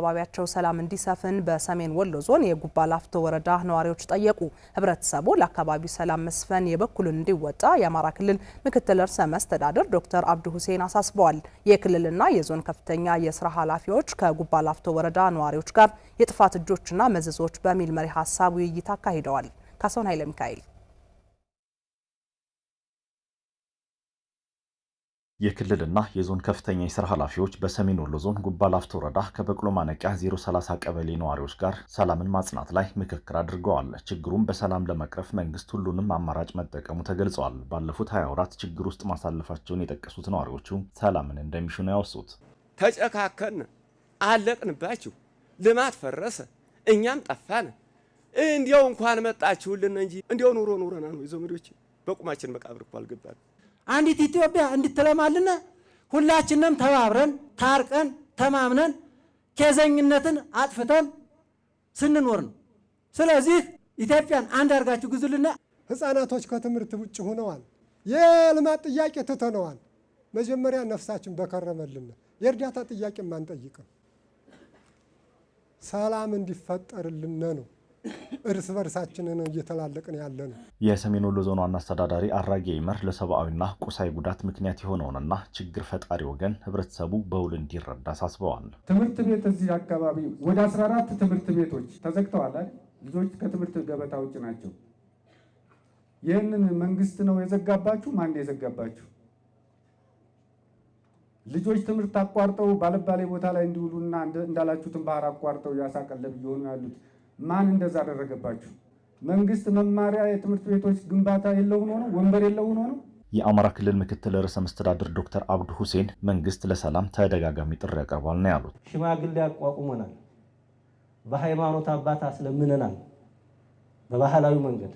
አካባቢያቸው ሰላም እንዲሰፍን በሰሜን ወሎ ዞን የጉባ ላፍቶ ወረዳ ነዋሪዎች ጠየቁ። ህብረተሰቡ ለአካባቢው ሰላም መስፈን የበኩሉን እንዲወጣ የአማራ ክልል ምክትል ርዕሰ መስተዳድር ዶክተር አብዱ ሁሴን አሳስበዋል። የክልልና የዞን ከፍተኛ የስራ ኃላፊዎች ከጉባ ላፍቶ ወረዳ ነዋሪዎች ጋር የጥፋት እጆችና መዘዞች በሚል መሪ ሀሳብ ውይይት አካሂደዋል። ካሳሁን ኃይለ ሚካኤል የክልልና የዞን ከፍተኛ የስራ ኃላፊዎች በሰሜን ወሎ ዞን ጉባ ላፍቶ ወረዳ ከበቅሎ ማነቂያ 030 ቀበሌ ነዋሪዎች ጋር ሰላምን ማጽናት ላይ ምክክር አድርገዋል። ችግሩን በሰላም ለመቅረፍ መንግስት ሁሉንም አማራጭ መጠቀሙ ተገልጸዋል። ባለፉት 20 ወራት ችግር ውስጥ ማሳለፋቸውን የጠቀሱት ነዋሪዎቹ ሰላምን እንደሚሹ ነው ያወሱት። ተጨካከን፣ አለቅንባችሁ፣ ልማት ፈረሰ፣ እኛም ጠፋን። እንዲያው እንኳን መጣችሁልን እንጂ እንዲያው ኑሮ ኑረና ነው የዘመዶች በቁማችን መቃብር እኮ አልገባን አንዲት ኢትዮጵያ እንድትለማልን ሁላችንም ተባብረን ታርቀን ተማምነን ኬዘኝነትን አጥፍተን ስንኖር ነው። ስለዚህ ኢትዮጵያን አንድ አድርጋችሁ ግዙልና። ህፃናቶች ከትምህርት ውጭ ሆነዋል። የልማት ጥያቄ ትተነዋል። መጀመሪያ ነፍሳችን በከረመልን የእርዳታ ጥያቄ ማንጠይቅም ሰላም እንዲፈጠርልን ነው። እርስ በርሳችንን እየተላለቅን ያለ ነው። የሰሜን ወሎ ዞን ዋና አስተዳዳሪ አራጌ ይመር ለሰብአዊና ቁሳዊ ጉዳት ምክንያት የሆነውንና ችግር ፈጣሪ ወገን ህብረተሰቡ በውል እንዲረዳ አሳስበዋል። ትምህርት ቤት እዚህ አካባቢ ወደ 14 ትምህርት ቤቶች ተዘግተዋል። ልጆች ከትምህርት ገበታ ውጭ ናቸው። ይህንን መንግስት ነው የዘጋባችሁ? ማን የዘጋባችሁ? ልጆች ትምህርት አቋርጠው ባለባሌ ቦታ ላይ እንዲውሉና እንዳላችሁትን ባህር አቋርጠው ያሳቀለብ እየሆኑ ያሉት ማን እንደዛ አደረገባችሁ? መንግስት መማሪያ የትምህርት ቤቶች ግንባታ የለውን ሆኖ ወንበር የለውን ሆኖ የአማራ ክልል ምክትል ርዕሰ መስተዳድር ዶክተር አብዱ ሁሴን መንግስት ለሰላም ተደጋጋሚ ጥሪ ያቀርባል ነው ያሉት። ሽማግሌ አቋቁመናል፣ በሃይማኖት አባት አስለምነናል፣ በባህላዊ መንገድ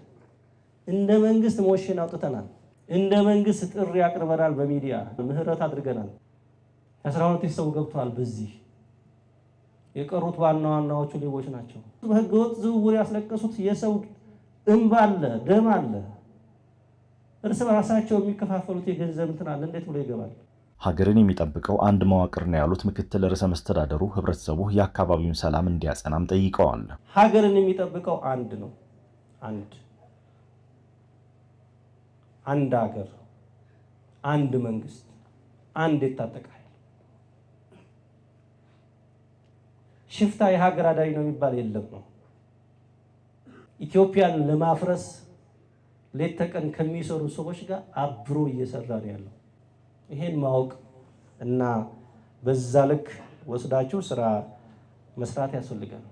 እንደ መንግስት ሞሽን አውጥተናል፣ እንደ መንግስት ጥሪ አቅርበናል፣ በሚዲያ ምህረት አድርገናል። ከአስራ ሰው ገብቷል በዚህ የቀሩት ዋና ዋናዎቹ ሌቦች ናቸው። በህገወጥ ዝውውር ያስለቀሱት የሰው እንባ አለ፣ ደም አለ። እርስ በራሳቸው የሚከፋፈሉት የገንዘብ እንትን አለ። እንዴት ብሎ ይገባል? ሀገርን የሚጠብቀው አንድ መዋቅር ነው ያሉት ምክትል ርዕሰ መስተዳደሩ፣ ህብረተሰቡ የአካባቢውን ሰላም እንዲያጸናም ጠይቀዋል። ሀገርን የሚጠብቀው አንድ ነው። አንድ አንድ ሀገር፣ አንድ መንግስት፣ አንድ የታጠቃል ሽፍታ የሀገር አዳሪ ነው የሚባል የለም ነው። ኢትዮጵያን ለማፍረስ ሌት ተቀን ከሚሰሩ ሰዎች ጋር አብሮ እየሰራ ነው ያለው። ይሄን ማወቅ እና በዛ ልክ ወስዳችሁ ስራ መስራት ያስፈልጋል።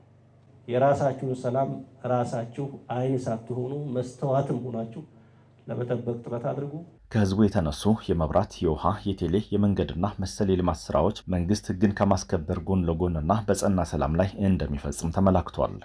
የራሳችሁን ሰላም ራሳችሁ አይን ሳትሆኑ መስተዋትም ሆናችሁ ለመጠበቅ ጥረት አድርጉ። ከህዝቡ የተነሱ የመብራት፣ የውሃ፣ የቴሌ፣ የመንገድና መሰል የልማት ስራዎች መንግስት ህግን ከማስከበር ጎን ለጎንና በጸና ሰላም ላይ እንደሚፈጽም ተመላክቷል።